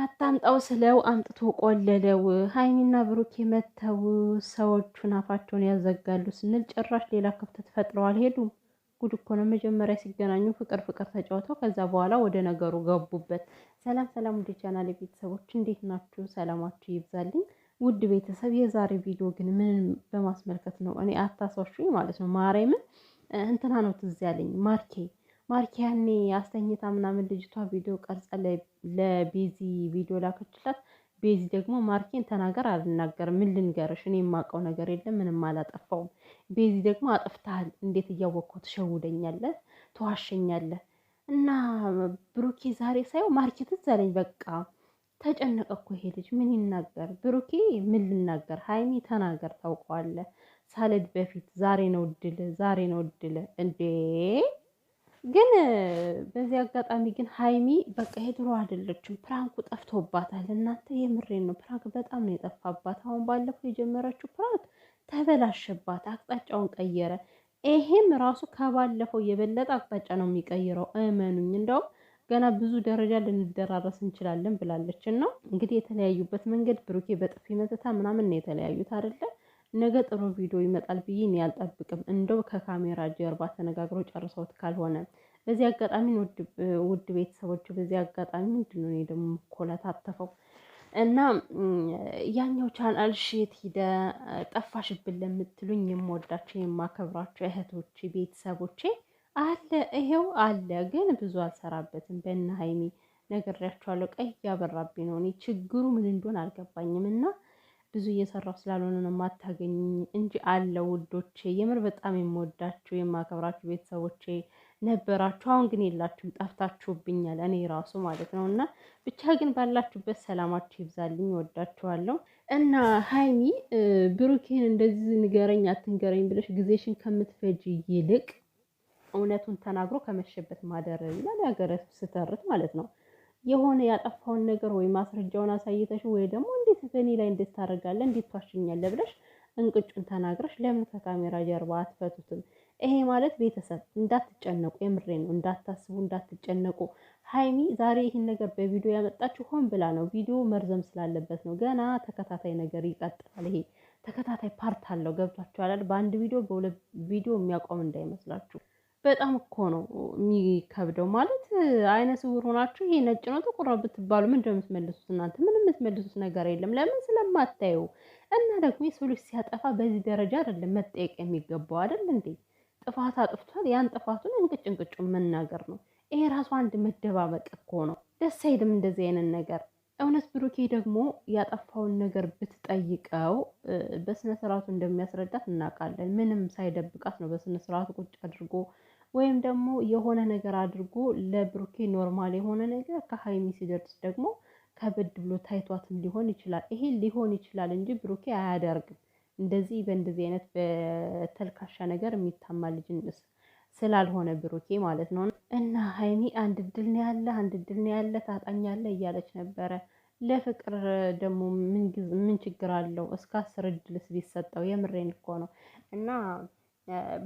አታምጣው ስለው አምጥቶ ቆለለው። ሀይሚና ብሩኬ መተው ሰዎቹን አፋቸውን ያዘጋሉ ስንል ጭራሽ ሌላ ክፍተት ፈጥረው ሄዱ ጉድ እኮ ነው። መጀመሪያ ሲገናኙ ፍቅር ፍቅር ተጫውተው ከዛ በኋላ ወደ ነገሩ ገቡበት። ሰላም ሰላም፣ ውድ ቻናል ቤተሰቦች እንዴት ናችሁ? ሰላማችሁ ይብዛልኝ። ውድ ቤተሰብ የዛሬ ቪዲዮ ግን ምን በማስመልከት ነው? እኔ አታሳሹኝ ማለት ነው። ማርያምን እንትና ነው ትዝ ያለኝ ማርኬ ማርኪያኔ አስተኝታ ምናምን ልጅቷ ቪዲዮ ቀርጻ ለቤዚ ቪዲዮ ላከችላት። ቤዚ ደግሞ ማርኬን ተናገር አልናገርም፣ ምን ልንገርሽ? እኔ የማውቀው ነገር የለም፣ ምንም አላጠፋውም። ቤዚ ደግሞ አጥፍተሃል፣ እንዴት እያወቅኩ ትሸውደኛለህ፣ ትዋሸኛለህ። እና ብሩኬ ዛሬ ሳየው ማርኬት ዛለኝ በቃ ተጨነቀ እኮ ይሄ ልጅ ምን ይናገር? ብሩኬ ምን ልናገር? ሀይሚ ተናገር፣ ታውቀዋለህ። ሳልሄድ በፊት ዛሬ ነው እድል፣ ዛሬ ነው እድል እንዴ ግን በዚህ አጋጣሚ ግን ሀይሚ በቃ የድሮ አይደለችም። ፕራንኩ ጠፍቶባታል። እናንተ የምሬን ነው። ፕራንክ በጣም ነው የጠፋባት። አሁን ባለፈው የጀመረችው ፕራንክ ተበላሸባት፣ አቅጣጫውን ቀየረ። ይሄም ራሱ ከባለፈው የበለጠ አቅጣጫ ነው የሚቀይረው። እመኑኝ እንደውም ገና ብዙ ደረጃ ልንደራረስ እንችላለን ብላለችን ነው እንግዲህ የተለያዩበት መንገድ ብሩኬ በጥፊ መተታ ምናምን ነው የተለያዩት አይደለም ነገ ጥሩ ቪዲዮ ይመጣል ብዬ እኔ አልጠብቅም። እንደው ከካሜራ ጀርባ ተነጋግሮ ጨርሰውት ካልሆነ በዚህ አጋጣሚ ውድ ቤተሰቦች በዚህ አጋጣሚ ምንድን ነው እኔ ደግሞ ኮለታተፈው እና ያኛው ቻናል ሽት ሂደ ጠፋሽብን ለምትሉኝ የምወዳቸው የማከብራቸው እህቶች ቤተሰቦቼ አለ ይሄው አለ፣ ግን ብዙ አልሰራበትም። በእነ ሀይሚ ነግሬያቸዋለሁ። ቀይ ያበራብኝ ነው። እኔ ችግሩ ምን እንደሆን አልገባኝም እና ብዙ እየሰራሁ ስላልሆነ ነው የማታገኙኝ እንጂ አለ ውዶቼ። የምር በጣም የምወዳችሁ የማከብራችሁ ቤተሰቦቼ ነበራችሁ። አሁን ግን የላችሁም፣ ጠፍታችሁብኛል። እኔ ራሱ ማለት ነው እና ብቻ ግን ባላችሁበት ሰላማችሁ ይብዛልኝ፣ ወዳችኋለሁ። እና ሀይሚ ብሩኬን እንደዚህ ንገረኝ አትንገረኝ ብለሽ ጊዜሽን ከምትፈጅ ይልቅ እውነቱን ተናግሮ ከመሸበት ማደር ይላል ያገረ ስተርት ማለት ነው የሆነ ያጠፋውን ነገር ወይ ማስረጃውን አሳይተሽ ወይ ደግሞ እንዴት በእኔ ላይ እንዴት ታደርጋለህ እንዴት ታሽኛለህ ብለሽ እንቅጩን ተናግረሽ ለምን ከካሜራ ጀርባ አትፈቱትም? ይሄ ማለት ቤተሰብ እንዳትጨነቁ፣ የምሬ ነው፣ እንዳታስቡ፣ እንዳትጨነቁ። ሀይሚ ዛሬ ይህን ነገር በቪዲዮ ያመጣችው ሆን ብላ ነው። ቪዲዮ መርዘም ስላለበት ነው። ገና ተከታታይ ነገር ይቀጥላል። ይሄ ተከታታይ ፓርት አለው። ገብቷችኋል? በአንድ ቪዲዮ በሁለት ቪዲዮ የሚያቆም እንዳይመስላችሁ። በጣም እኮ ነው የሚከብደው። ማለት አይነ ስውር ሆናችሁ ይሄ ነጭ ነው ጥቁር ነው ብትባሉ ምን ነው እናንተ? ምንም የምትመልሱት ነገር የለም። ለምን ስለማታየው። እና ደግሞ የሰው ልጅ ሲያጠፋ በዚህ ደረጃ አይደለም መጠየቅ የሚገባው አይደል እንዴ? ጥፋት አጥፍቷል። ያን ጥፋቱን እንቅጭ እንቅጩ መናገር ነው። ይሄ ራሱ አንድ መደባበቅ እኮ ነው። ደስ አይልም እንደዚህ አይነት ነገር። እውነት ብሩኬ ደግሞ ያጠፋውን ነገር ብትጠይቀው በስነስርዓቱ እንደሚያስረዳት እናውቃለን። ምንም ሳይደብቃት ነው በስነስርዓቱ ቁጭ አድርጎ ወይም ደግሞ የሆነ ነገር አድርጎ ለብሩኬ ኖርማል የሆነ ነገር ከሀይሚ ሲደርስ ደግሞ ከበድ ብሎ ታይቷትም ሊሆን ይችላል። ይሄ ሊሆን ይችላል እንጂ ብሩኬ አያደርግም። እንደዚህ በእንደዚህ አይነት በተልካሻ ነገር የሚታማ ልጅ ስላልሆነ ብሩኬ ማለት ነው። እና ሀይሚ አንድ ድል ነው ያለ አንድ ድል ነው ያለ ታጣኛለ እያለች ነበረ። ለፍቅር ደግሞ ምን ችግር አለው? እስከ አስር እድልስ ቢሰጠው የምሬን እኮ ነው እና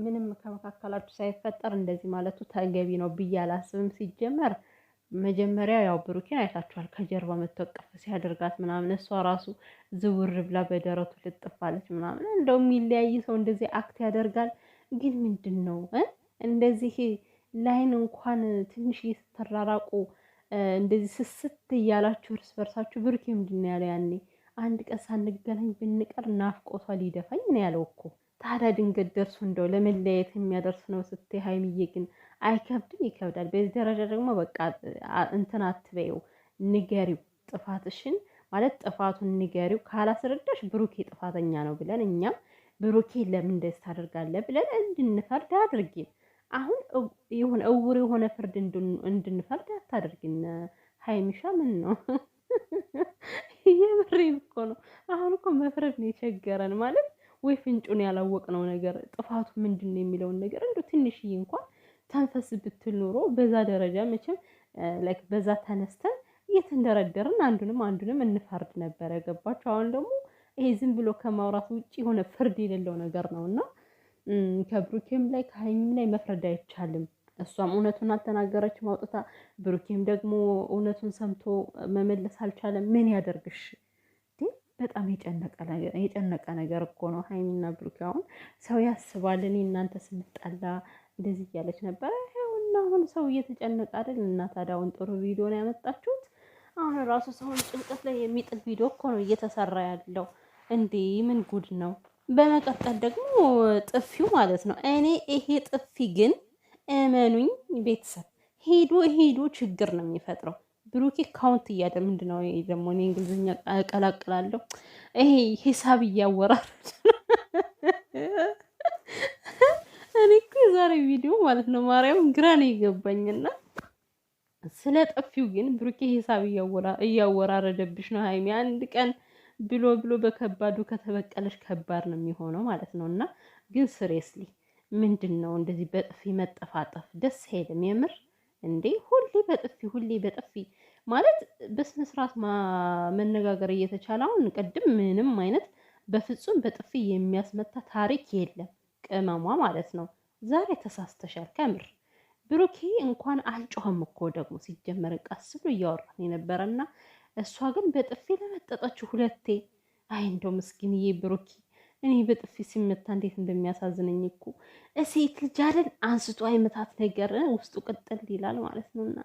ምንም ከመካከላችሁ ሳይፈጠር እንደዚህ ማለቱ ተገቢ ነው ብዬ አላስብም። ሲጀመር መጀመሪያ ያው ብሩኬን አይታችኋል፣ ከጀርባ መተቀፍ ሲያደርጋት ምናምን እሷ ራሱ ዝውር ብላ በደረቱ ልጥፋለች ምናምን። እንደው የሚለያይ ሰው እንደዚህ አክት ያደርጋል። ግን ምንድን ነው እንደዚህ ላይን እንኳን ትንሽ ስትራራቁ እንደዚህ ስስት እያላችሁ እርስ በርሳችሁ ብሩኬ ምንድን ነው ያኔ አንድ ቀን ሳንገናኝ ብንቀር ናፍቆቷ ሊደፋኝ ነው ያለው እኮ። ታዲያ ድንገት ደርሶ እንደው ለመለያየት የሚያደርስ ነው ስትይ ሀይሚዬ ግን አይከብድም? ይከብዳል። በዚህ ደረጃ ደግሞ በቃ እንትን አትበይው፣ ንገሪው ጥፋትሽን ማለት ጥፋቱን ንገሪው። ካላስረዳሽ ብሩኬ ጥፋተኛ ነው ብለን እኛም ብሩኬ ለምን እንደዚህ ታደርጋለህ ብለን እንድንፈርድ አድርጊን። አሁን የሆነ እውር የሆነ ፍርድ እንድንፈርድ አታደርጊን ሀይሚሻ። ምን ነው ነገር ነው የቸገረን ማለት ወይ ፍንጩን ያላወቅነው ነገር ጥፋቱ ምንድን ነው የሚለውን ነገር እንደ ትንሽዬ እንኳን ተንፈስ ብትል ኖሮ በዛ ደረጃ መቼም ላይክ በዛ ተነስተን እየተንደረደርን አንዱንም አንዱንም እንፈርድ ነበር ያገባቸው አሁን ደግሞ ይሄ ዝም ብሎ ከማውራት ውጭ የሆነ ፍርድ የሌለው ነገር ነው እና ከብሩኬም ላይ ከሀይሚም ላይ መፍረድ አይቻልም። እሷም እውነቱን አልተናገረችም አውጥታ፣ ብሩኬም ደግሞ እውነቱን ሰምቶ መመለስ አልቻለም። ምን ያደርግሽ? በጣም የጨነቀ ነገር እኮ ነው። ሀይሚና ብሩኬ አሁን ሰው ያስባል። እኔ እናንተ ስንጣላ እንደዚህ እያለች ነበረ እና አሁን ሰው እየተጨነቀ አይደል? እና ታዲያ አሁን ጥሩ ቪዲዮ ነው ያመጣችሁት። አሁን ራሱ ሰውን ጭንቀት ላይ የሚጥል ቪዲዮ እኮ ነው እየተሰራ ያለው። እንዴ ምን ጉድ ነው! በመቀጠል ደግሞ ጥፊው ማለት ነው። እኔ ይሄ ጥፊ ግን እመኑኝ ቤተሰብ ሄዶ ሄዶ ችግር ነው የሚፈጥረው ብሩኬ ካውንት እያደ ምንድን ነው ደግሞ እኔ እንግሊዝኛ እቀላቅላለሁ። ይሄ ሂሳብ እያወራል። እኔ እኮ የዛሬ ቪዲዮ ማለት ነው ማርያም ግራ ነው የገባኝና ስለ ጠፊው ግን ብሩኬ ሂሳብ እያወራረደብሽ ነው ሀይሚ። አንድ ቀን ብሎ ብሎ በከባዱ ከተበቀለሽ ከባድ ነው የሚሆነው ማለት ነው። እና ግን ስሬስሊ ምንድን ነው እንደዚህ በጥፊ መጠፋጠፍ ደስ ሄድም የምር እንዴ ሁሌ በጥፊ ሁሌ በጥፊ ማለት በስነ ስርዓት መነጋገር እየተቻለ አሁን ቅድም ምንም አይነት በፍጹም በጥፊ የሚያስመታ ታሪክ የለም። ቅመሟ ማለት ነው። ዛሬ ተሳስተሻል ከምር። ብሩኬ እንኳን አልጮኸም እኮ ደግሞ ሲጀመር ቀስ ብሎ እያወራን የነበረና እሷ ግን በጥፊ ለመጠጠችው ሁለቴ። አይ እንደው ምስኪንዬ ብሩኬ እኔ በጥፊ ሲመታ እንዴት እንደሚያሳዝነኝ እኮ እሴት ልጅ አይደል አንስቶ አይመታት ነገር ውስጡ ቅጥል ይላል ማለት ነውና፣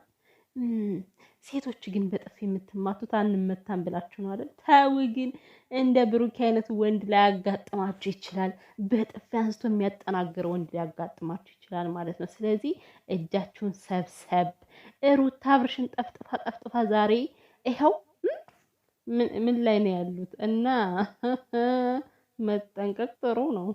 ሴቶች ግን በጥፊ የምትማቱት አንመታን ብላችሁ ነው አይደል? ተው ግን እንደ ብሩኪ አይነት ወንድ ያጋጥማችሁ ይችላል። በጥፊ አንስቶ የሚያጠናግር ወንድ ሊያጋጥማችሁ ይችላል ማለት ነው። ስለዚህ እጃችሁን ሰብሰብ። ሩታ ብርሽን ጠፍጥፋ ጠፍጥፋ ዛሬ ይኸው ምን ላይ ነው ያሉት እና መጠንቀቅ ጥሩ ነው።